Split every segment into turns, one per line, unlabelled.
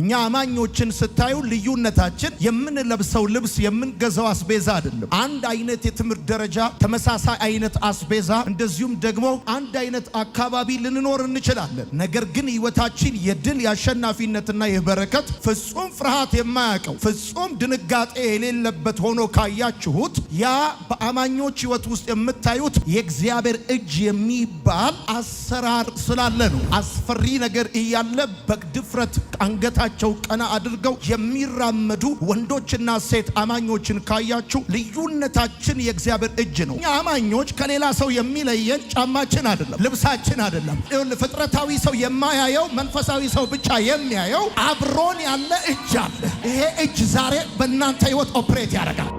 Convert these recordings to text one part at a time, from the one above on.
እኛ አማኞችን ስታዩ ልዩነታችን የምንለብሰው ልብስ የምንገዛው አስቤዛ አይደለም። አንድ አይነት የትምህርት ደረጃ፣ ተመሳሳይ አይነት አስቤዛ፣ እንደዚሁም ደግሞ አንድ አይነት አካባቢ ልንኖር እንችላለን። ነገር ግን ህይወታችን የድል የአሸናፊነትና የበረከት ፍጹም ፍርሃት የማያውቀው ፍጹም ድንጋጤ የሌለበት ሆኖ ካያችሁት ያ በአማኞች ህይወት ውስጥ የምታዩት የእግዚአብሔር እጅ የሚባል አሰራር ስላለ ነው። አስፈሪ ነገር እያለ በድፍረት አንገታ ፊታቸው ቀና አድርገው የሚራመዱ ወንዶችና ሴት አማኞችን ካያችሁ ልዩነታችን የእግዚአብሔር እጅ ነው። እኛ አማኞች ከሌላ ሰው የሚለየን ጫማችን አይደለም፣ ልብሳችን አይደለም። ፍጥረታዊ ሰው የማያየው መንፈሳዊ ሰው ብቻ የሚያየው አብሮን ያለ እጅ አለ። ይሄ እጅ ዛሬ በእናንተ ህይወት ኦፕሬት ያደርጋል።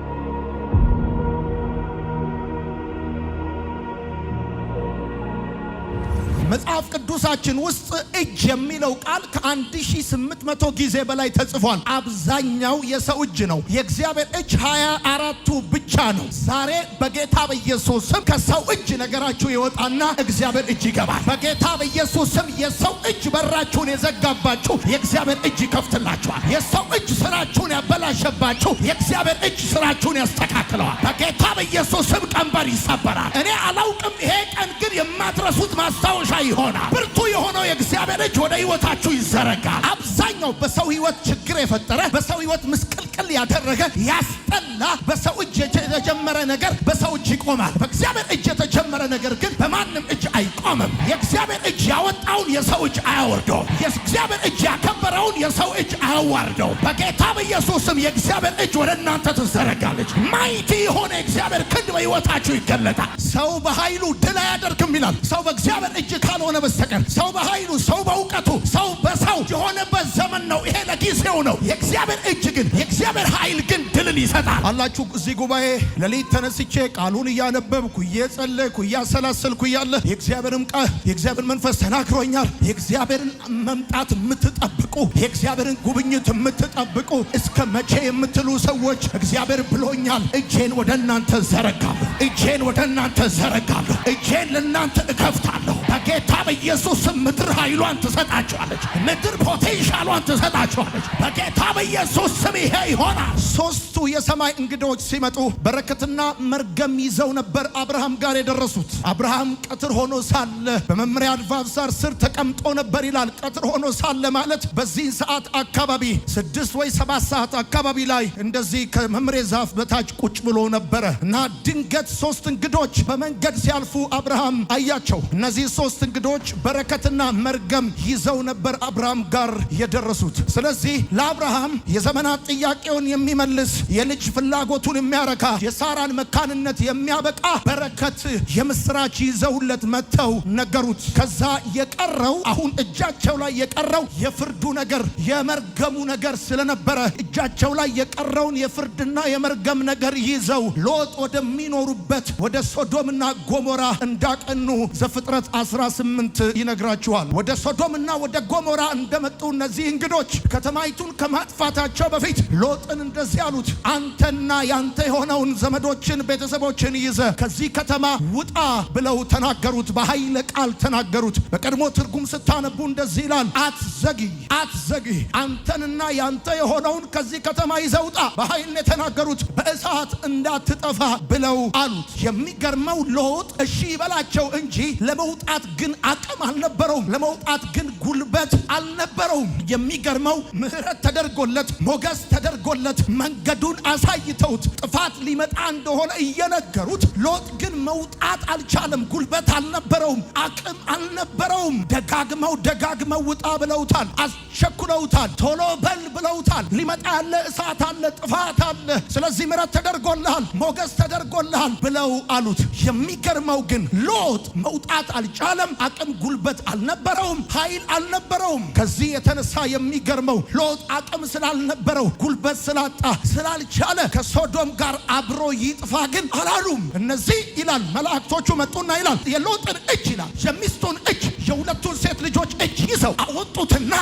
መጽሐፍ ቅዱሳችን ውስጥ እጅ የሚለው ቃል ከ1800 ጊዜ በላይ ተጽፏል። አብዛኛው የሰው እጅ ነው። የእግዚአብሔር እጅ ሃያ አራቱ ብቻ ነው። ዛሬ በጌታ በኢየሱስ ስም ከሰው እጅ ነገራችሁ ይወጣና እግዚአብሔር እጅ ይገባል። በጌታ በኢየሱስ ስም የሰው እጅ በራችሁን የዘጋባችሁ የእግዚአብሔር እጅ ይከፍትላችኋል። የሰው እጅ ስራችሁን ያበላሸባችሁ የእግዚአብሔር እጅ ስራችሁን ያስተካክለዋል። በጌታ በኢየሱስ ስም ቀንበር ይሰበራል። እኔ አላውቅም። ይሄ ቀን ግን የማትረሱት ማስታወሻ ይሆናል። ብርቱ የሆነው የእግዚአብሔር እጅ ወደ ህይወታችሁ ይዘረጋል። አብዛኛው በሰው ህይወት ችግር የፈጠረ በሰው ህይወት ምስቅልቅል ያደረገ ያስጠላ፣ በሰው እጅ የተጀመረ ነገር በሰው እጅ ይቆማል። በእግዚአብሔር እጅ የተጀመረ ነገር ግን በማንም እጅ አይቆምም። የእግዚአብሔር እጅ ያወጣውን የሰው እጅ አያወርደውም። የእግዚአብሔር እጅ ያከበረውን የሰው እጅ አያዋርደውም። በጌታ በኢየሱስም የእግዚአብሔር እጅ ወደ እናንተ ትዘረጋለች። ማይቲ የሆነ የእግዚአብሔር ክንድ በህይወታችሁ ይገለጣል። ሰው በኃይሉ ድል አያደርግም ይላል። ሰው በእግዚአብሔር እጅ ካልሆነ በስተቀር ሰው በኃይሉ ሰው በእውቀቱ ሰው በሰው የሆነበት ዘመን ነው። ይሄ ለጊዜው ነው። የእግዚአብሔር እጅ ግን የእግዚአብሔር ኃይል ግን ድልን ይሰጣል። አላችሁ እዚህ ጉባኤ ሌሊት ተነስቼ ቃሉን እያነበብኩ እየጸለይኩ እያሰላሰልኩ እያለ የእግዚአብሔርም ቃ የእግዚአብሔር መንፈስ ተናግሮኛል። የእግዚአብሔርን መምጣት የምትጠብቁ የእግዚአብሔርን ጉብኝት የምትጠብቁ እስከ መቼ የምትሉ ሰዎች እግዚአብሔር ብሎኛል። እጄን ወደ እናንተ ዘረጋለሁ። እጄን ወደ እናንተ ዘረጋለሁ። እጄን ለእናንተ እከፍታለሁ። በጌታ በኢየሱስ ምድር ኃይሏን ትሰጣችኋለች። ምድር ፖቴንሻሏን ትሰጣችኋለች። በጌታ በኢየሱስ ስም ይሄ ይሆናል። ሶስቱ የሰማይ እንግዶች ሲመጡ በረከትና መርገም ይዘው ነበር አብርሃም ጋር የደረሱት። አብርሃም ቀትር ሆኖ ሳለ በመምሪያ አድቫንሳር ስር ተቀምጦ ነበር ይላል። ቀትር ሆኖ ሳለ ማለት በዚህን ሰዓት አካባቢ ስድስት ወይ ሰባት ሰዓት አካባቢ ላይ እንደዚህ ከመምሬ ዛፍ በታች ቁጭ ብሎ ነበረ እና ድንገት ሶስት እንግዶች በመንገድ ሲያልፉ አብርሃም አያቸው። እነዚህ ሶስት ሶስት እንግዶች በረከትና መርገም ይዘው ነበር አብርሃም ጋር የደረሱት። ስለዚህ ለአብርሃም የዘመናት ጥያቄውን የሚመልስ የልጅ ፍላጎቱን የሚያረካ የሳራን መካንነት የሚያበቃ በረከት የምስራች ይዘውለት መጥተው ነገሩት። ከዛ የቀረው አሁን እጃቸው ላይ የቀረው የፍርዱ ነገር የመርገሙ ነገር ስለነበረ እጃቸው ላይ የቀረውን የፍርድና የመርገም ነገር ይዘው ሎጥ ወደሚኖሩበት ወደ ሶዶምና ጎሞራ እንዳቀኑ ዘፍጥረት አስራ 18 ይነግራችኋል። ወደ ሶዶምና ወደ ጎሞራ እንደመጡ እነዚህ እንግዶች ከተማይቱን ከማጥፋታቸው በፊት ሎጥን እንደዚህ አሉት፣ አንተና ያንተ የሆነውን ዘመዶችን፣ ቤተሰቦችን ይዘ ከዚህ ከተማ ውጣ ብለው ተናገሩት። በኃይለ ቃል ተናገሩት። በቀድሞ ትርጉም ስታነቡ እንደዚህ ይላል፣ አትዘግይ፣ አትዘግይ፣ አንተንና ያንተ የሆነውን ከዚህ ከተማ ይዘ ውጣ። በኃይል የተናገሩት በእሳት እንዳትጠፋ ብለው አሉት። የሚገርመው ሎጥ እሺ ይበላቸው እንጂ ለመውጣት ግን አቅም አልነበረውም። ለመውጣት ግን ጉልበት አልነበረውም። የሚገርመው ምሕረት ተደርጎለት ሞገስ ተደርጎለት መንገዱን አሳይተውት ጥፋት ሊመጣ እንደሆነ እየነገሩት ሎጥ ግን መውጣት አልቻለም። ጉልበት አልነበረውም፣ አቅም አልነበረውም። ደጋግመው ደጋግመው ውጣ ብለውታል፣ አስቸኩለውታል፣ ቶሎ በል ብለውታል። ሊመጣ ያለ እሳት አለ፣ ጥፋት አለ፣ ስለዚህ ምሕረት ተደርጎልሃል፣ ሞገስ ተደርጎልሃል ብለው አሉት። የሚገርመው ግን ሎጥ መውጣት አልቻለም። አልቻለም። አቅም ጉልበት አልነበረውም፣ ኃይል አልነበረውም። ከዚህ የተነሳ የሚገርመው ሎጥ አቅም ስላልነበረው ጉልበት ስላጣ ስላልቻለ ከሶዶም ጋር አብሮ ይጥፋ ግን አላሉም። እነዚህ ይላል መላእክቶቹ መጡና ይላል የሎጥን እጅ ይላል የሚስቱን እጅ የሁለቱን ሴት ልጆች እጅ ይዘው አወጡትና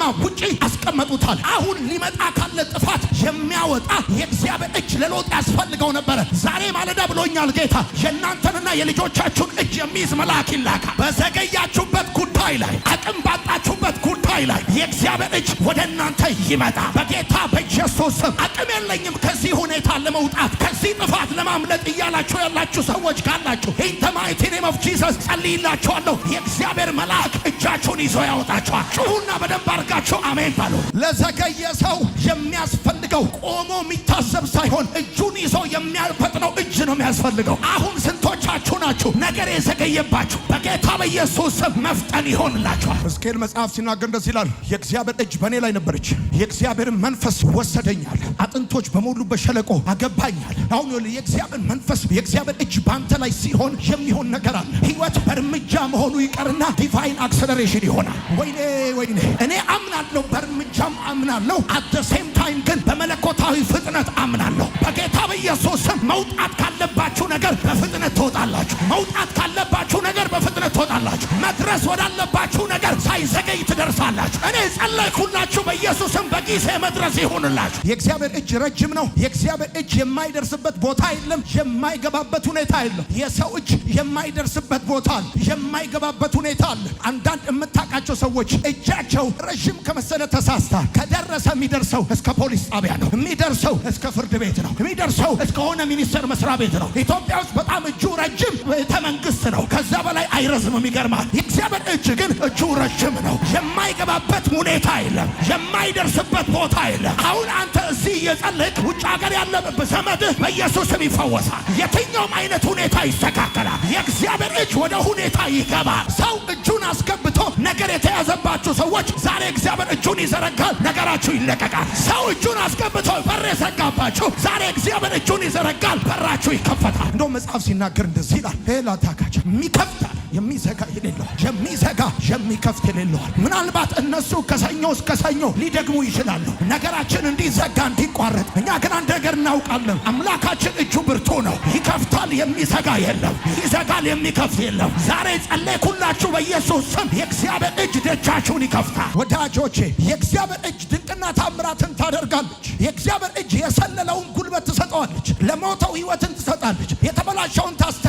ከከተማ ውጪ አስቀመጡታል። አሁን ሊመጣ ካለ ጥፋት የሚያወጣ የእግዚአብሔር እጅ ለሎጥ ያስፈልገው ነበረ። ዛሬ ማለዳ ብሎኛል ጌታ የእናንተንና የልጆቻችሁን እጅ የሚይዝ መልአክ ይላካል። በዘገያችሁበት ጉዳይ ላይ፣ አቅም ባጣችሁበት ጉዳይ ላይ የእግዚአብሔር እጅ ወደ እናንተ ይመጣ በጌታ በኢየሱስ ስም። አቅም የለኝም ከዚህ ሁኔታ ለመውጣት ከዚህ ጥፋት ለማምለጥ እያላችሁ ያላችሁ ሰዎች ካላችሁ ኢንተማይቲ ኔም ኦፍ ጂሰስ ጸልይላችኋለሁ። የእግዚአብሔር መልአክ እጃችሁን ይዞ ያወጣችኋል። ጩሁና በደንብ ካላቃቸው አሜን ባሉ። ለዘገየ ሰው የሚያስፈልገው ቆሞ የሚታዘብ ሳይሆን እጁን ይዞ የሚያልፈጥነው እጅ ነው የሚያስፈልገው። አሁን ስንቶቻችሁ ናችሁ ነገር የዘገየባችሁ? በጌታ በኢየሱስ ስም መፍጠን ይሆንላችኋል። ሕዝቅኤል መጽሐፍ ሲናገር እንደዚህ ይላል፣ የእግዚአብሔር እጅ በእኔ ላይ ነበረች፣ የእግዚአብሔር መንፈስ ወሰደኛል፣ አጥንቶች በሞሉበት ሸለቆ አገባኛል። አሁን የእግዚአብሔር መንፈስ የእግዚአብሔር እጅ በአንተ ላይ ሲሆን የሚሆን ነገር አለ። ህይወት በእርምጃ መሆኑ ይቀርና ዲቫይን አክሰለሬሽን ይሆናል። ወይኔ ወይኔ እኔ አምናለሁ፣ በእርምጃም አምናለሁ። አደ ሴም ታይም ግን በመለኮታዊ ፍጥነት አምናለሁ። በጌታ በኢየሱስ ስም መውጣት ካለባችሁ ነገር በፍጥነት ትወጣላችሁ። መውጣት ካለባችሁ ነገር በፍጥነት ትወጣላችሁ። ትደርሳላችሁ። መድረስ ወዳለባችሁ ነገር ሳይዘገይ ትደርሳላችሁ። እኔ ጸለይኩላችሁ በኢየሱስም በጊዜ መድረስ ይሁንላችሁ። የእግዚአብሔር እጅ ረጅም ነው። የእግዚአብሔር እጅ የማይደርስበት ቦታ የለም፣ የማይገባበት ሁኔታ የለም። የሰው እጅ የማይደርስበት ቦታ አለ፣ የማይገባበት ሁኔታ አለ። አንዳንድ የምታውቃቸው ሰዎች እጃቸው ረዥም ከመሰለ ተሳስታ ከደረሰ የሚደርሰው እስከ ፖሊስ ጣቢያ ነው፣ የሚደርሰው እስከ ፍርድ ቤት ነው፣ የሚደርሰው እስከሆነ ሚኒስቴር መስሪያ ቤት ነው። ኢትዮጵያ ውስጥ በጣም እጁ ረጅም ቤተ መንግስት ነው። ከዛ በላይ አይረዝም። የሚገርም ይገርማል። የእግዚአብሔር እጅ ግን እጁ ረጅም ነው። የማይገባበት ሁኔታ የለም፣ የማይደርስበት ቦታ የለም። አሁን አንተ እዚህ እየጸለይክ ውጭ ሀገር ያለ ዘመድህ በኢየሱስም ይፈወሳል። የትኛውም አይነት ሁኔታ ይስተካከላል። የእግዚአብሔር እጅ ወደ ሁኔታ ይገባል። ሰው እጁን አስገብቶ ነገር የተያዘባችሁ ሰዎች ዛሬ እግዚአብሔር እጁን ይዘረጋል፣ ነገራችሁ ይለቀቃል። ሰው እጁን አስገብቶ በር የዘጋባችሁ ዛሬ እግዚአብሔር እጁን ይዘረጋል፣ በራችሁ ይከፈታል። እንደውም መጽሐፍ ሲናገር እንደዚህ ይላል ሄላ ታካቸ የሚከፍታል የሚዘጋ የሌለዋል፣ የሚዘጋ የሚከፍት የሌለዋል። ምናልባት እነሱ ከሰኞ እስከ ሰኞ ሊደግሙ ይችላሉ። ነገራችን እንዲዘጋ እንዲቋረጥ፣ እኛ ግን አንድ ነገር እናውቃለን። አምላካችን እጁ ብርቱ ነው። ይከፍታል፣ የሚዘጋ የለም። ይዘጋል፣ የሚከፍት የለም። ዛሬ ጸለይኩላችሁ በኢየሱስ ስም የእግዚአብሔር እጅ ደጃችሁን ይከፍታል። ወዳጆቼ የእግዚአብሔር እጅ ድንቅና ታምራትን ታደርጋለች። የእግዚአብሔር እጅ የሰለለውን ጉልበት ትሰጠዋለች። ለሞተው ሕይወትን ትሰጣለች። የተበላሸውን ታስተ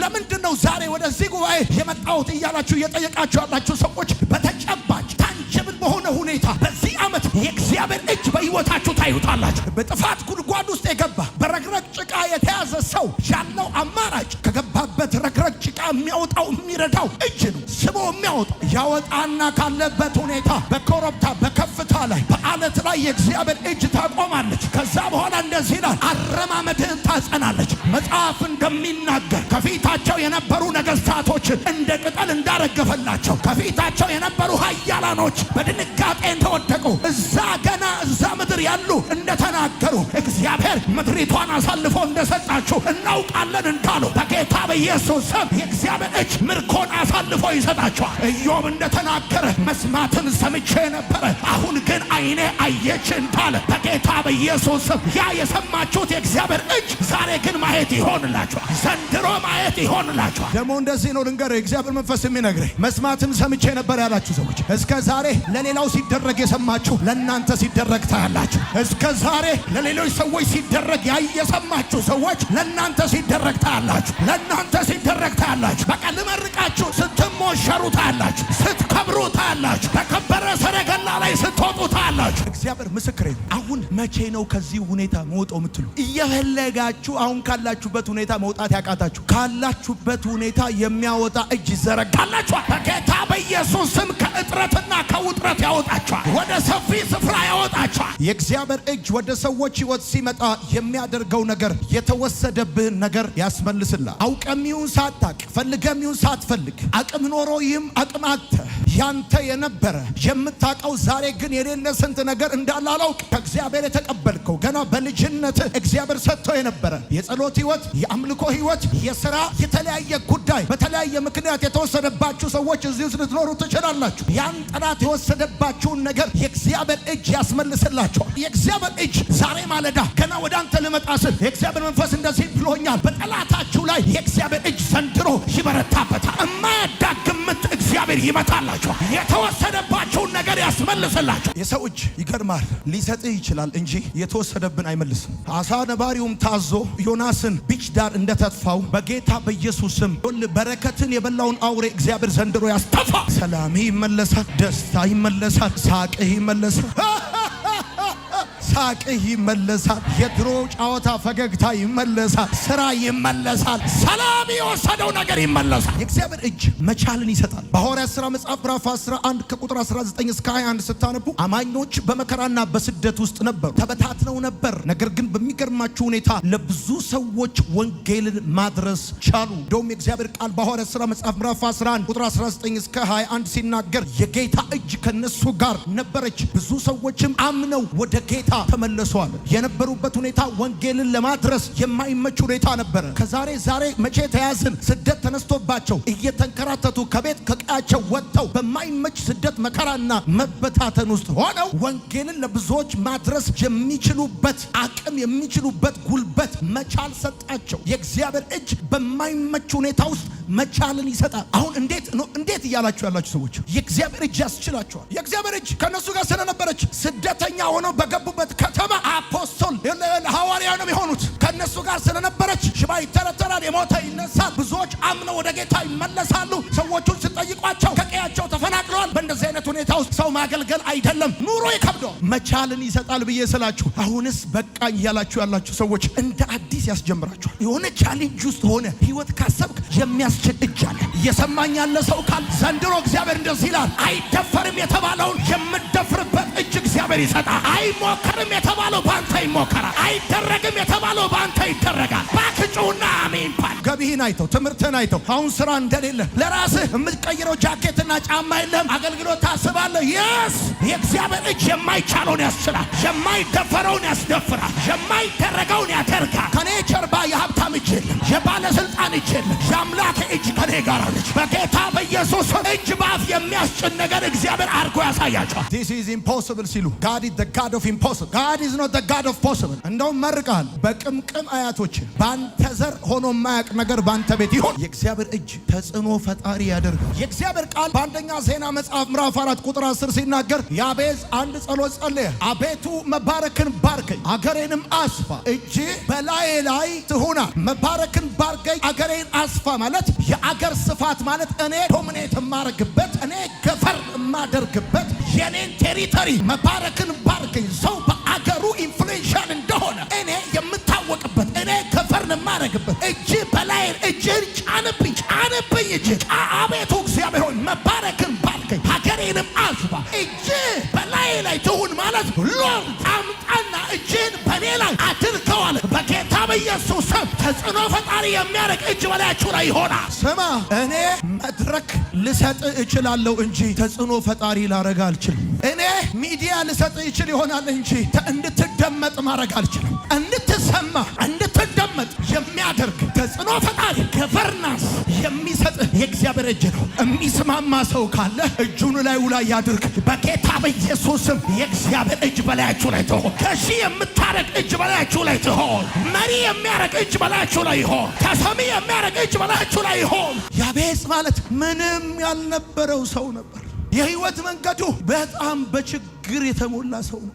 ለምንድን ነው ዛሬ ወደዚህ ጉባኤ የመጣሁት እያላችሁ እየጠየቃችሁ ያላችሁ ሰዎች በተጨባጭ ታንጀብል በሆነ ሁኔታ በዚህ ዓመት የእግዚአብሔር እጅ በሕይወታችሁ ታዩታላችሁ። በጥፋት ጉድጓድ ውስጥ የገባ በረግረግ ጭቃ የተያዘ ሰው ያለው አማራጭ ከገባበት ረግረግ ጭቃ የሚያወጣው የሚረዳው እጅ ነው። ስቦ የሚያወጣው ያወጣና ካለበት ሁኔታ በኮረብታ በከፍታ ላይ በአለት ላይ የእግዚአብሔር እጅ ታቆማለች። እንደዚህ ይላል፣ አረማመድህን ታጸናለች። መጽሐፍ እንደሚናገር ከፊታቸው የነበሩ ነገሥታቶችን እንደ ቅጠል እንዳረገፈላቸው ከፊታቸው የነበሩ ኃያላኖች በድንጋጤ ተወደቁ። እዛ ገና በዛ ምድር ያሉ እንደተናገሩ እግዚአብሔር ምድሪቷን አሳልፎ እንደሰጣችሁ እናውቃለን እንዳሉ በጌታ በኢየሱስ ስም የእግዚአብሔር እጅ ምርኮን አሳልፎ ይሰጣችኋል። ኢዮብ እንደተናገረ መስማትን ሰምቼ ነበረ፣ አሁን ግን አይኔ አየች እንዳለ በጌታ በኢየሱስ ስም ያ የሰማችሁት የእግዚአብሔር እጅ ዛሬ ግን ማየት ይሆንላችኋል። ዘንድሮ ማየት ይሆንላችኋል። ደግሞ እንደዚህ ነው ልንገር፣ የእግዚአብሔር መንፈስ የሚነግረኝ መስማትን ሰምቼ ነበር ያላችሁ ሰዎች እስከ ዛሬ ለሌላው ሲደረግ የሰማችሁ ለእናንተ ሲደረግ ሲደረግ ታያላችሁ። እስከ ዛሬ ለሌሎች ሰዎች ሲደረግ ያየሰማችሁ ሰዎች ለእናንተ ሲደረግ ታያላችሁ። ለእናንተ ሲደረግ ታያላችሁ። በቃ ልመርቃችሁ ስትሞሸሩ ታያላችሁ። ስትከብሩ ታያላችሁ። በከበረ ሰረገላ ላይ ስትወጡ ታያላችሁ። እግዚአብሔር ምስክሬ ነው። አሁን መቼ ነው ከዚህ ሁኔታ መውጣው የምትሉ እየፈለጋችሁ አሁን ካላችሁበት ሁኔታ መውጣት ያቃታችሁ ካላችሁበት ሁኔታ የሚያወጣ እጅ ይዘረጋላችኋል በጌታ በኢየሱስ ስም ከእጥረትና ከውጥረት ያወጣቸዋል፣ ወደ ሰፊ ስፍራ ያወጣቸዋል። የእግዚአብሔር እጅ ወደ ሰዎች ሕይወት ሲመጣ የሚያደርገው ነገር የተወሰደብህን ነገር ያስመልስላል። አውቀሚውን ሳታቅ ፈልገሚውን ሳትፈልግ አቅም ኖሮ ይህም አቅም አተ ያንተ የነበረ የምታውቀው ዛሬ ግን የሌለ ስንት ነገር እንዳላላውቅ አላውቅ ከእግዚአብሔር የተቀበልከው ገና በልጅነት እግዚአብሔር ሰጥቶ የነበረ የጸሎት ሕይወት፣ የአምልኮ ህይወት የስራ የተለያየ ጉዳይ በተለያየ ምክንያት የተወሰደባችሁ ሰዎች እዚህ ልትኖሩ ትችላላችሁ። ያን ጠላት የወሰደባችሁን ነገር የእግዚአብሔር እጅ ያስመልስላችኋል። የእግዚአብሔር እጅ ዛሬ ማለዳ ገና ወደ አንተ ልመጣ ስል የእግዚአብሔር መንፈስ እንደዚህ ብሎኛል፣ በጠላታችሁ ላይ የእግዚአብሔር እጅ ሰንድሮ ይበረታበታል። እማያዳግ እግዚአብሔር ይመታላችኋል። የተወሰደባቸውን ነገር ያስመልስላችሁ። የሰው እጅ ይገርማል። ሊሰጥህ ይችላል እንጂ የተወሰደብን አይመልስም። አሳ ነባሪውም ታዞ ዮናስን ቢች ዳር እንደተጥፋው በጌታ በኢየሱስም ስም በረከትን የበላውን አውሬ እግዚአብሔር ዘንድሮ ያስተፋ። ሰላምህ ይመለሳል፣ ደስታ ይመለሳል፣ ሳቅህ ይመለሳል። ሳቅህ ይመለሳል። የድሮ ጨዋታ ፈገግታ ይመለሳል። ስራ ይመለሳል። ሰላም የወሰደው ነገር ይመለሳል። የእግዚአብሔር እጅ መቻልን ይሰጣል። በሐዋርያት ሥራ መጽሐፍ ምዕራፍ 11 ከቁጥር 19 እስከ 21 ስታነቡ አማኞች በመከራና በስደት ውስጥ ነበሩ፣ ተበታትነው ነበር። ነገር ግን በሚገርማቸው ሁኔታ ለብዙ ሰዎች ወንጌልን ማድረስ ቻሉ። እንደውም የእግዚአብሔር ቃል በሐዋርያት ሥራ መጽሐፍ ምዕራፍ 11 ቁጥር 19 እስከ 21 ሲናገር የጌታ እጅ ከነሱ ጋር ነበረች። ብዙ ሰዎችም አምነው ወደ ጌታ ተመለሱ አለ። የነበሩበት ሁኔታ ወንጌልን ለማድረስ የማይመች ሁኔታ ነበረ። ከዛሬ ዛሬ መቼ ተያዝን? ስደት ተነስቶባቸው እየተንከራተቱ ከቤት ከቀያቸው ወጥተው በማይመች ስደት መከራና መበታተን ውስጥ ሆነው ወንጌልን ለብዙዎች ማድረስ የሚችሉበት አቅም የሚችሉበት ጉልበት መቻል ሰጣቸው። የእግዚአብሔር እጅ በማይመች ሁኔታ ውስጥ መቻልን ይሰጣል። አሁን እንዴት ነው እንዴት እያላችሁ ያላችሁ ሰዎች የእግዚአብሔር እጅ ያስችላቸዋል። የእግዚአብሔር እጅ ከእነሱ ጋር ስለነበረች ስደተኛ ሆነው በገቡበት ከተማ አፖስቶል ሐዋርያ ነው የሆኑት። ከእነሱ ጋር ስለነበረች ሽባ ይተረተራል፣ የሞተ ይነሳል፣ ብዙዎች አምነው ወደ ጌታ ይመለሳሉ። ሰዎቹን ስጠይቋቸው ከቀያቸው ተፈናቅለዋል። በእንደዚህ አይነት ሁኔታ ውስጥ ሰው ማገልገል አይደለም ኑሮ ይከብደዋል። መቻልን ይሰጣል ብዬ ስላችሁ አሁንስ በቃኝ እያላችሁ ያላችሁ ሰዎች እንደ አዲስ ያስጀምራችኋል። የሆነ ቻሌንጅ ውስጥ ሆነ ህይወት ካሰብክ የሚያስችል እጅ አለ። እየሰማኝ ያለ ሰው ካል ዘንድሮ እግዚአብሔር እንደዚህ ይላል አይደፈርም የተባለውን የምድ እግዚአብሔር ይሰጣል። አይሞከርም የተባለው በአንተ ይሞከራል። አይደረግም የተባለው በአንተ ይደረጋል። ባክጩና አሜን ባል ገቢህን አይተው ትምህርትህን አይተው አሁን ስራ እንደሌለ ለራስህ የምትቀይረው ጃኬትና ጫማ የለም። አገልግሎት ታስባለህ። የስ የእግዚአብሔር እጅ የማይቻለውን ያስችላል። የማይደፈረውን ያስደፍራል። የማይደረገውን ያደርጋል። ከኔ ጀርባ የሀብታም እጅ የለም፣ የባለስልጣን እጅ የለም። የአምላክ እጅ ከኔ ጋር አለች። በጌታ በኢየሱስ እጅ ባፍ የሚያስጭን ነገር እግዚአብሔር አድርጎ ያሳያቸዋል። ዲስ ኢዝ ኢምፖስብል ሲሉ ጋድ ኢዝ ዘ ጋድ ኦፍ ኢምፖስብል ጋድ ኢዝ ኖት ዘ ጋድ ኦፍ ፖስብል። እንደውም መርቃል በቅምቅም አያቶች ባንተ ዘር ሆኖ የማያውቅ ነገር ባንተ ቤት ይሆን። የእግዚአብሔር እጅ ተጽዕኖ ፈጣሪ ያደርጋል። የእግዚአብሔር ቃል በአንደኛ ዜና መጽሐፍ ምዕራፍ አራት ቁጥር አስር ሲናገር ያቤዝ አንድ ጸሎት ጸለየ። አቤቱ መባረክን ባርከኝ አገሬንም አስፋ እጅ በላዬ ላይ ትሆናል መባረክን ባርገኝ አገሬን አስፋ ማለት የአገር ስፋት ማለት እኔ ዶሚኔት የማደርግበት እኔ ገፈር የማደርግበት የኔን ቴሪተሪ መባረክን ባርገኝ ሰው በአገሩ ኢንፍሉዌንሻል እንደሆነ እኔ የምታወቅበት እኔ ገፈርን የማደርግበት እጅ በላይን እጅን ጫንብኝ ጫንብኝ እጅ አቤቱ እግዚአብሔር ሆይ መባረክን ባርገኝ እኔንም አስባ እጅ በላይ ላይ ትሁን ማለት ሎር አምጣና እጅን በኔ ላይ አድርገዋል። በጌታ በኢየሱስ ስም ተጽዕኖ ፈጣሪ የሚያደርግ እጅ በላያችሁ ላይ ይሆናል። ስማ እኔ መድረክ ልሰጥ እችላለሁ እንጂ ተጽዕኖ ፈጣሪ ላረግ አልችልም። እኔ ሚዲያ ልሰጥ ይችል ይሆናል እንጂ እንድትደመጥ ማድረግ አልችልም። እንድትሰማ እንድት እንድትቀመጥ የሚያደርግ ተጽዕኖ ፈጣሪ ከቨርናስ የሚሰጥ የእግዚአብሔር እጅ ነው። የሚስማማ ሰው ካለ እጁን ላይ ላይ ያድርግ። በጌታ በኢየሱስም የእግዚአብሔር እጅ በላያችሁ ላይ ትሆን። ከሺ የምታረግ እጅ በላያችሁ ላይ ትሆን። መሪ የሚያረግ እጅ በላያችሁ ላይ ይሆን። ተሰሚ የሚያረግ እጅ በላያችሁ ላይ ይሆን። ያቤጽ ማለት ምንም ያልነበረው ሰው ነበር። የህይወት መንገዱ በጣም በችግር የተሞላ ሰው ነው።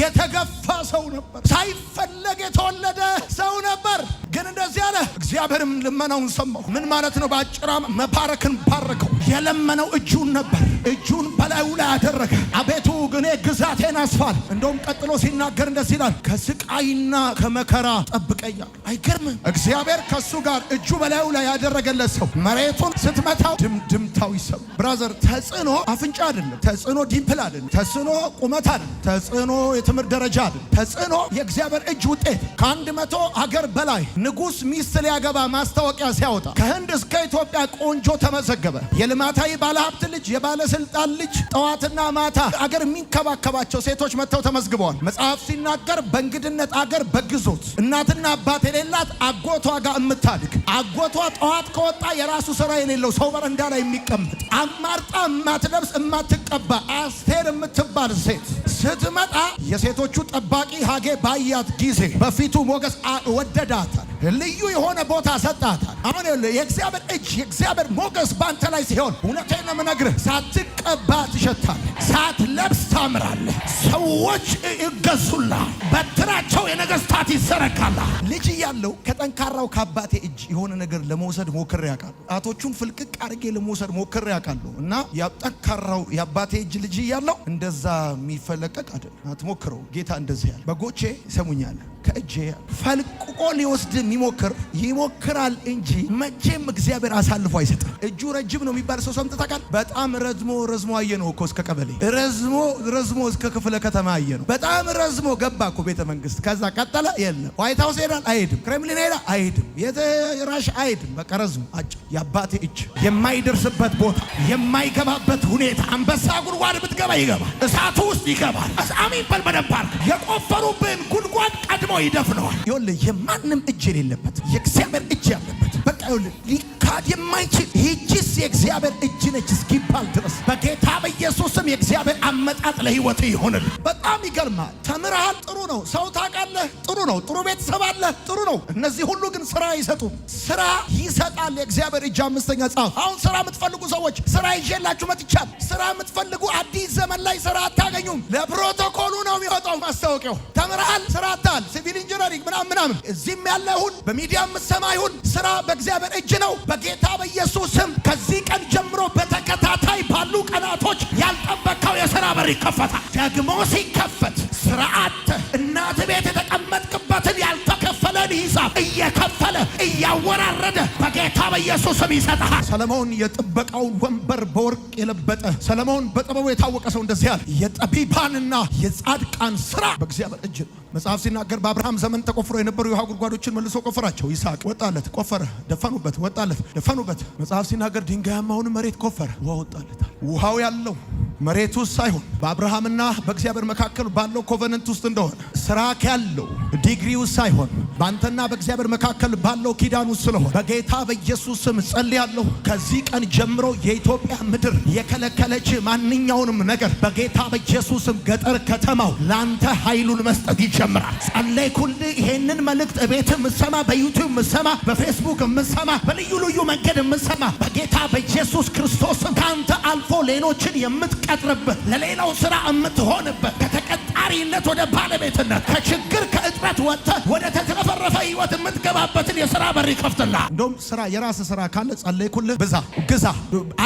የተገፋ ሰው ነበር። ሳይፈለግ የተወለደ ሰው ነበር። ግን እንደዚህ አለ። እግዚአብሔርም ልመናውን ሰማሁ። ምን ማለት ነው? በአጭራ መባረክን ባረከው። የለመነው እጁን ነበር። እጁን በላዩ ላይ አደረገ። አቤቱ ግኔ ግዛቴን አስፋል። እንደውም ቀጥሎ ሲናገር እንደዚህ ይላል፣ ከስቃይና ከመከራ ጠብቀኛል። አይገርምም? እግዚአብሔር ከእሱ ጋር እጁ በላዩ ላይ ያደረገለት ሰው መሬቱን ስትመታው ድምድምታው ይሰብ ብራዘር፣ ተጽዕኖ አፍንጫ አይደለም። ተጽዕኖ ዲምፕል አይደለም። ተጽዕኖ ቁመት አይደለም። ተጽዕኖ የትምህርት ደረጃ አይደለም። ተጽዕኖ የእግዚአብሔር እጅ ውጤት ከአንድ መቶ ሀገር በላይ ንጉሥ ሚስት ሊያገባ ማስታወቂያ ሲያወጣ ከህንድ እስከ ኢትዮጵያ ቆንጆ ተመዘገበ። የልማታዊ ባለሀብት ልጅ፣ የባለስልጣን ልጅ፣ ጠዋትና ማታ አገር የሚንከባከባቸው ሴቶች መጥተው ተመዝግበዋል። መጽሐፍ ሲናገር በእንግድነት አገር በግዞት እናትና አባት የሌላት አጎቷ ጋር የምታድግ አጎቷ ጠዋት ከወጣ የራሱ ስራ የሌለው ሰው በረንዳ ላይ የሚቀመጥ አማርጣ የማትለብስ የማትቀባ አስቴር የምትባል ሴት ስትመጣ የሴቶቹ ጠባቂ ሀጌ ባያት ጊዜ በፊቱ ሞገስ ወደዳታል። ልዩ የሆነ ቦታ ሰጣታል። አሁን የእግዚአብሔር እጅ የእግዚአብሔር ሞገስ በአንተ ላይ ሲሆን እውነቴን ነው የምነግርህ፣ ሳትቀባ ትሸታለህ፣ ሳትለብስ ታምራለህ፣ ሰዎች ይገዙላ፣ በትራቸው የነገስታት ይዘረጋልሃል። ልጅ እያለሁ ከጠንካራው ከአባቴ እጅ የሆነ ነገር ለመውሰድ ሞክሬ አውቃለሁ። ጣቶቹን ፍልቅቅ አድርጌ ለመውሰድ ሞክሬ አውቃለሁ እና ጠንካራው የአባቴ እጅ ልጅ እያለሁ እንደዛ የሚፈለቀቅ አይደለም። አትሞክረው። ጌታ እንደዚህ ያለ በጎቼ ይሰሙኛል ከእጄ ፈልቅቆ ሊወስድ የሚሞክር ይሞክራል እንጂ መቼም እግዚአብሔር አሳልፎ አይሰጥም። እጁ ረጅም ነው የሚባል ሰው ሰምተህ ታውቃለህ? በጣም ረዝሞ ረዝሞ አየ ነው እኮ እስከ ቀበሌ ረዝሞ ረዝሞ እስከ ክፍለ ከተማ አየ ነው። በጣም ረዝሞ ገባ እኮ ቤተ መንግስት። ከዛ ቀጠለ የለም። ዋይት ሀውስ ሄዳል አይሄድም። ክሬምሊን ሄዳ አይሄድም። የተራሽ አይሄድም። በቃ ረዝሞ አጭር። የአባቴ እጅ የማይደርስበት ቦታ የማይገባበት ሁኔታ አንበሳ ጉድጓድ ብትገባ ይገባል። እሳቱ ውስጥ ይገባል። አሚን በል በደንብ አድርግ። የቆፈሩብን ጉድጓድ ቀድሞ ይደፍነዋል። ይኸውልህ የማንም እጅ የሌለበት የእግዚአብሔር እጅ ያለበት ይውልን ሊካድ የማይችል ይህችስ የእግዚአብሔር እጅ ነች እስኪባል ድረስ በጌታ በኢየሱስም የእግዚአብሔር አመጣጥ ለህይወት ይሆንል። በጣም ይገርማል። ተምርሃል፣ ጥሩ ነው። ሰው ታውቃለህ፣ ጥሩ ነው። ጥሩ ቤተሰብ አለህ፣ ጥሩ ነው። እነዚህ ሁሉ ግን ስራ አይሰጡም። ስራ ይሰጣል የእግዚአብሔር እጅ። አምስተኛ ጻፍ። አሁን ስራ የምትፈልጉ ሰዎች ስራ ይዤላችሁ መጥቻል። ስራ የምትፈልጉ አዲስ ዘመን ላይ ስራ አታገኙም። ለፕሮቶኮሉ ነው የሚወጣው ማስታወቂያው። ተምረሃል ስራ አታል ሲቪል ኢንጂነሪንግ ምናምን ምናምን፣ እዚህም ያለ ይሁን በሚዲያ የምትሰማ ይሁን ስራ በእግዚአብሔር በእግዚአብሔር እጅ ነው። በጌታ በኢየሱስም ከዚህ ቀን ጀምሮ በተከታታይ ባሉ ቀናቶች ያልጠበቀው የሥራ በር ይከፈታል። ደግሞ ሲከፈት ስራ እናት ቤት የተቀመጥክበትን ያልተ ያንተን ሂሳብ እየከፈለ እያወራረደ በጌታ በኢየሱስ ይሰጥሃል። ሰለሞን የጥበቃውን ወንበር በወርቅ የለበጠ ሰለሞን በጥበቡ የታወቀ ሰው እንደዚህ ያለ የጠቢባንና የጻድቃን ስራ በእግዚአብሔር እጅ መጽሐፍ ሲናገር በአብርሃም ዘመን ተቆፍሮ የነበሩ የውሃ ጉድጓዶችን መልሶ ቆፈራቸው። ይስሐቅ ወጣለት፣ ቆፈረ፣ ደፈኑበት፣ ወጣለት፣ ደፈኑበት። መጽሐፍ ሲናገር ድንጋያማውን መሬት ቆፈረ፣ ውሃ ወጣለታል። ውሃው ያለው መሬት ውስጥ ሳይሆን በአብርሃምና በእግዚአብሔር መካከል ባለው ኮቨነንት ውስጥ እንደሆነ ስራ ያለው ዲግሪ ውስጥ ሳይሆን በአንተና በእግዚአብሔር መካከል ባለው ኪዳን ውስጥ ስለሆነ በጌታ በኢየሱስ ስም ጸልያለሁ። ከዚህ ቀን ጀምሮ የኢትዮጵያ ምድር የከለከለች ማንኛውንም ነገር በጌታ በኢየሱስ ስም ገጠር ከተማው ለአንተ ኃይሉን መስጠት ይጀምራል። ጸለይ ኩል ይሄንን መልእክት ቤት የምሰማ በዩቲዩብ የምሰማ በፌስቡክ የምሰማ በልዩ ልዩ መንገድ የምሰማ በጌታ በኢየሱስ ክርስቶስ ከአንተ አልፎ ሌሎችን የምትቀ የምትቀጥርበት፣ ለሌላው ስራ የምትሆንበት ከተቀ ከአጣሪነት ወደ ባለቤትነት ከችግር ከእጥረት ወጥተህ ወደ ተትረፈረፈ ህይወት የምትገባበትን የስራ በር ይከፍትልሃል። እንደውም ስራ የራስ ስራ ካለ ጸለይኩልህ ብዛ ግዛ።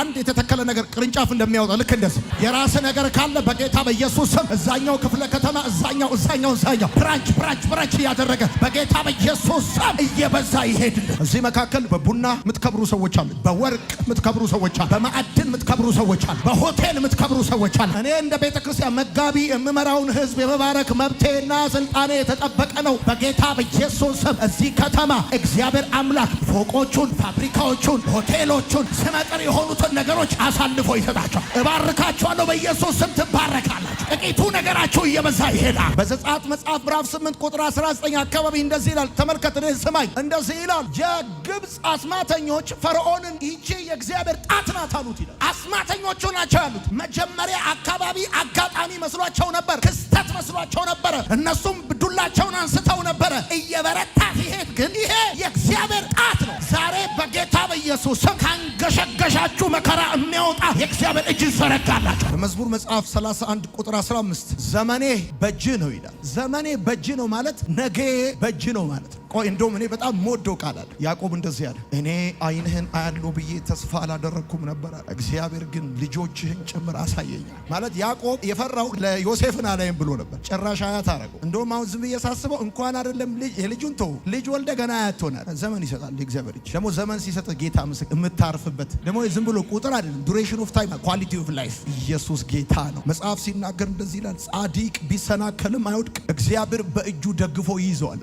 አንድ የተተከለ ነገር ቅርንጫፍ እንደሚያወጣ ልክ እንደዚህ የራስ ነገር ካለ በጌታ በኢየሱስ ስም እዛኛው ክፍለ ከተማ እዛኛው እዛኛው እዛኛው ብራንች ብራንች ብራንች እያደረገ በጌታ በኢየሱስ ስም እየበዛ ይሄድልህ። እዚህ መካከል በቡና የምትከብሩ ሰዎች አሉ፣ በወርቅ የምትከብሩ ሰዎች አሉ፣ በማዕድን የምትከብሩ ሰዎች አሉ፣ በሆቴል የምትከብሩ ሰዎች አሉ። እኔ እንደ ቤተ ክርስቲያን መጋቢ የምመራውን ህዝብ ህዝብ የመባረክ መብቴና ስልጣኔ የተጠበቀ ነው። በጌታ በኢየሱስ ስም እዚህ ከተማ እግዚአብሔር አምላክ ፎቆቹን፣ ፋብሪካዎቹን፣ ሆቴሎቹን ስመጥር የሆኑትን ነገሮች አሳልፎ ይሰጣቸዋል። እባርካቸዋለሁ። በኢየሱስ ስም ትባረካለህ። ጥቂቱ ነገራቸው እየበዛ ይሄዳል። በዘጸአት መጽሐፍ ምዕራፍ 8 ቁጥር 19 አካባቢ እንደዚህ ይላል። ተመልከት፣ እኔ ስማኝ። እንደዚህ ይላል የግብፅ አስማተኞች ፈርዖንን ይቺ የእግዚአብሔር ጣት ናት አሉት ይላል። አስማተኞቹ ናቸው ያሉት። መጀመሪያ አካባቢ አጋጣሚ መስሏቸው ነበር፣ ክስተት መስሏቸው ነበረ። እነሱም ዱላቸውን አንስተው ነበረ እየበረታ ሲሄድ ግን ይሄ የእግዚአብሔር ጣት ነው። ዛሬ በጌታ በኢየሱስ ስም ካንገሸገሻችሁ መከራ የሚያወጣ የእግዚአብሔር እጅ ይዘረጋላችሁ። በመዝሙር መጽሐፍ 31 ቁጥር 15 ዘመኔ በእጅ ነው ይላል። ዘመኔ በእጅ ነው ማለት ነገ በእጅ ነው ማለት ነው። ቆይ እንደውም እኔ በጣም የምወደው ቃል አለ። ያዕቆብ እንደዚህ ያለ እኔ አይንህን አያለሁ ብዬ ተስፋ አላደረግኩም ነበረ፣ እግዚአብሔር ግን ልጆችህን ጭምር አሳየኛል። ማለት ያዕቆብ የፈራው ለዮሴፍን አላይም ብሎ ነበር። ጭራሽ አያት አረገው። እንደውም አሁን ዝም ብዬ ሳስበው እንኳን አይደለም የልጁን ተው ልጅ ወልደ ገና አያት ትሆናል። ዘመን ይሰጣል እግዚአብሔር እጅ። ደግሞ ዘመን ሲሰጥ ጌታ ምስክ የምታርፍበት ደግሞ ዝም ብሎ ቁጥር አይደለም፣ ዱሬሽን ኦፍ ታይም ኳሊቲ ኦፍ ላይፍ። ኢየሱስ ጌታ ነው። መጽሐፍ ሲናገር እንደዚህ ይላል፣ ጻዲቅ ቢሰናከልም አይወድቅ፣ እግዚአብሔር በእጁ ደግፎ ይይዘዋል።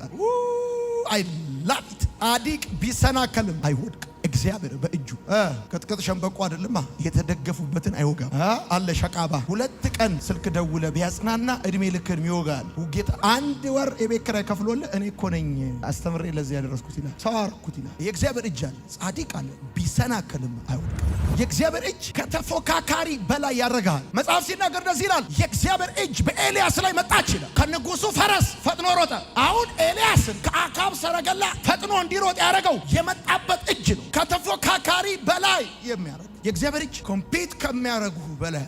አይ ላፍት ቢሰናከልም አይወድቅም። እግዚአብሔር በእጁ ቅጥቅጥ ሸንበቆ አይደለም የተደገፉበትን አይወጋም አለ ሸቃባ። ሁለት ቀን ስልክ ደውለ ቢያጽናና እድሜ ልክን ይወጋል። ውጌታ አንድ ወር የቤት ኪራይ ከፍሎለ እኔ እኮ ነኝ አስተምሬ ለዚህ ያደረስኩት ይላል። ሰው ይላል። የእግዚአብሔር እጅ አለ፣ ጻዲቅ አለ፣ ቢሰናከልም አይወድቅም። የእግዚአብሔር እጅ ከተፎካካሪ በላይ ያደርግሃል። መጽሐፍ ሲናገር እንደዚህ ይላል፣ የእግዚአብሔር እጅ በኤልያስ ላይ መጣች ይላል። ከንጉሱ ፈረስ ፈጥኖ ሮጠ። አሁን ኤልያስን ከአካብ ሰረገላ ፈጥኖ እንዲሮጥ ያደረገው የመጣበት እጅ ነው። ከተፎካካሪ በላይ የሚያደርግ የእግዚአብሔር እጅ ኮምፒት ከሚያደርጉ በላይ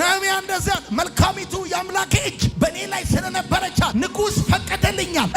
ነህምያ እንደዚያ መልካሚቱ የአምላኬ እጅ በእኔ ላይ ስለነበረቻ ንጉሥ ፈቀደልኛል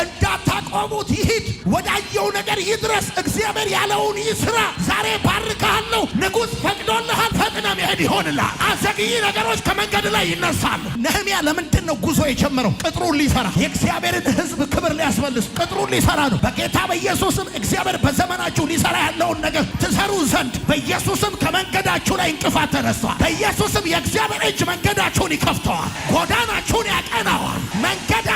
አቆሞት ይሂድ፣ ወዳየው ነገር ይድረስ፣ እግዚአብሔር ያለውን ይስራ። ዛሬ ባርካሃለሁ፣ ንጉሥ ፈቅዶልሃል። ፈጥነ መሄድ ይሆንልሃል። አዘግይ ነገሮች ከመንገድ ላይ ይነሳሉ። ነህሚያ ለምንድን ነው ጉዞ የጀመረው? ቅጥሩን ሊሰራ የእግዚአብሔርን ሕዝብ ክብር ሊያስመልስ ቅጥሩን ሊሰራ ነው። በጌታ በኢየሱስም እግዚአብሔር በዘመናችሁ ሊሰራ ያለውን ነገር ትሰሩ ዘንድ በኢየሱስም ከመንገዳችሁ ላይ እንቅፋት ተነስተዋል። በኢየሱስም የእግዚአብሔር እጅ መንገዳችሁን ይከፍተዋል፣ ጎዳናችሁን ያቀናዋል መንገዳ